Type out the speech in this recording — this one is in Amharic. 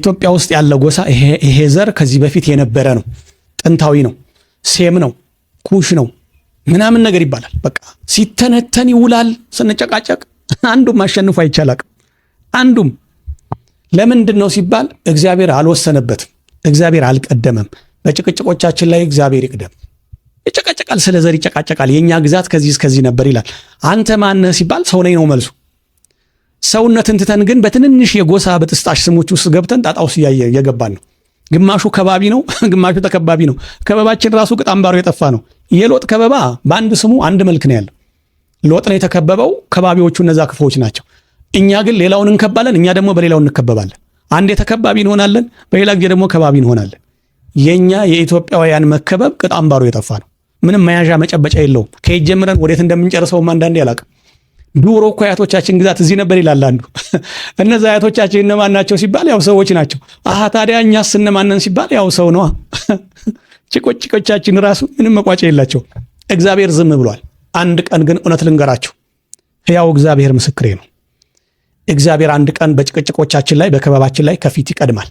ኢትዮጵያ ውስጥ ያለ ጎሳ ይሄ ዘር ከዚህ በፊት የነበረ ነው፣ ጥንታዊ ነው፣ ሴም ነው፣ ኩሽ ነው ምናምን ነገር ይባላል። በቃ ሲተነተን ይውላል። ስንጨቃጨቅ አንዱም አሸንፎ አይቻላቅም። አንዱም ለምንድን ነው ሲባል እግዚአብሔር አልወሰነበትም፣ እግዚአብሔር አልቀደመም። በጭቅጭቆቻችን ላይ እግዚአብሔር ይቅደም። ይጨቃጨቃል፣ ስለ ዘር ይጨቃጨቃል። የእኛ ግዛት ከዚህ እስከዚህ ነበር ይላል። አንተ ማነህ ሲባል ሰው ነኝ ነው መልሱ። ሰውነትን ትተን ግን በትንንሽ የጎሳ በጥስጣሽ ስሞች ውስጥ ገብተን ጣጣ ውስጥ እየገባን ነው። ግማሹ ከባቢ ነው፣ ግማሹ ተከባቢ ነው። ከበባችን ራሱ ቅጥ አምባሩ የጠፋ ነው። የሎጥ ከበባ በአንድ ስሙ አንድ መልክ ነው ያለው። ሎጥ ነው የተከበበው፣ ከባቢዎቹ እነዛ ክፉዎች ናቸው። እኛ ግን ሌላውን እንከባለን፣ እኛ ደግሞ በሌላው እንከበባለን። አንዴ ተከባቢ እንሆናለን፣ በሌላ ጊዜ ደግሞ ከባቢ እንሆናለን። የእኛ የኢትዮጵያውያን መከበብ ቅጥ አምባሩ የጠፋ ነው። ምንም መያዣ መጨበጫ የለውም። ከየት ጀምረን ወዴት እንደምንጨርሰውም አንዳንዴ አላቅም። ዱሮ እኮ አያቶቻችን ግዛት እዚህ ነበር ይላል አንዱ። እነዚ አያቶቻችን እነማን ናቸው ሲባል ያው ሰዎች ናቸው። አሀ ታዲያ እኛስ እነማንን ሲባል ያው ሰው ነዋ። ጭቆጭቆቻችን ራሱ ምንም መቋጫ የላቸው። እግዚአብሔር ዝም ብሏል። አንድ ቀን ግን እውነት ልንገራችሁ፣ ሕያው እግዚአብሔር ምስክሬ ነው። እግዚአብሔር አንድ ቀን በጭቅጭቆቻችን ላይ በክበባችን ላይ ከፊት ይቀድማል።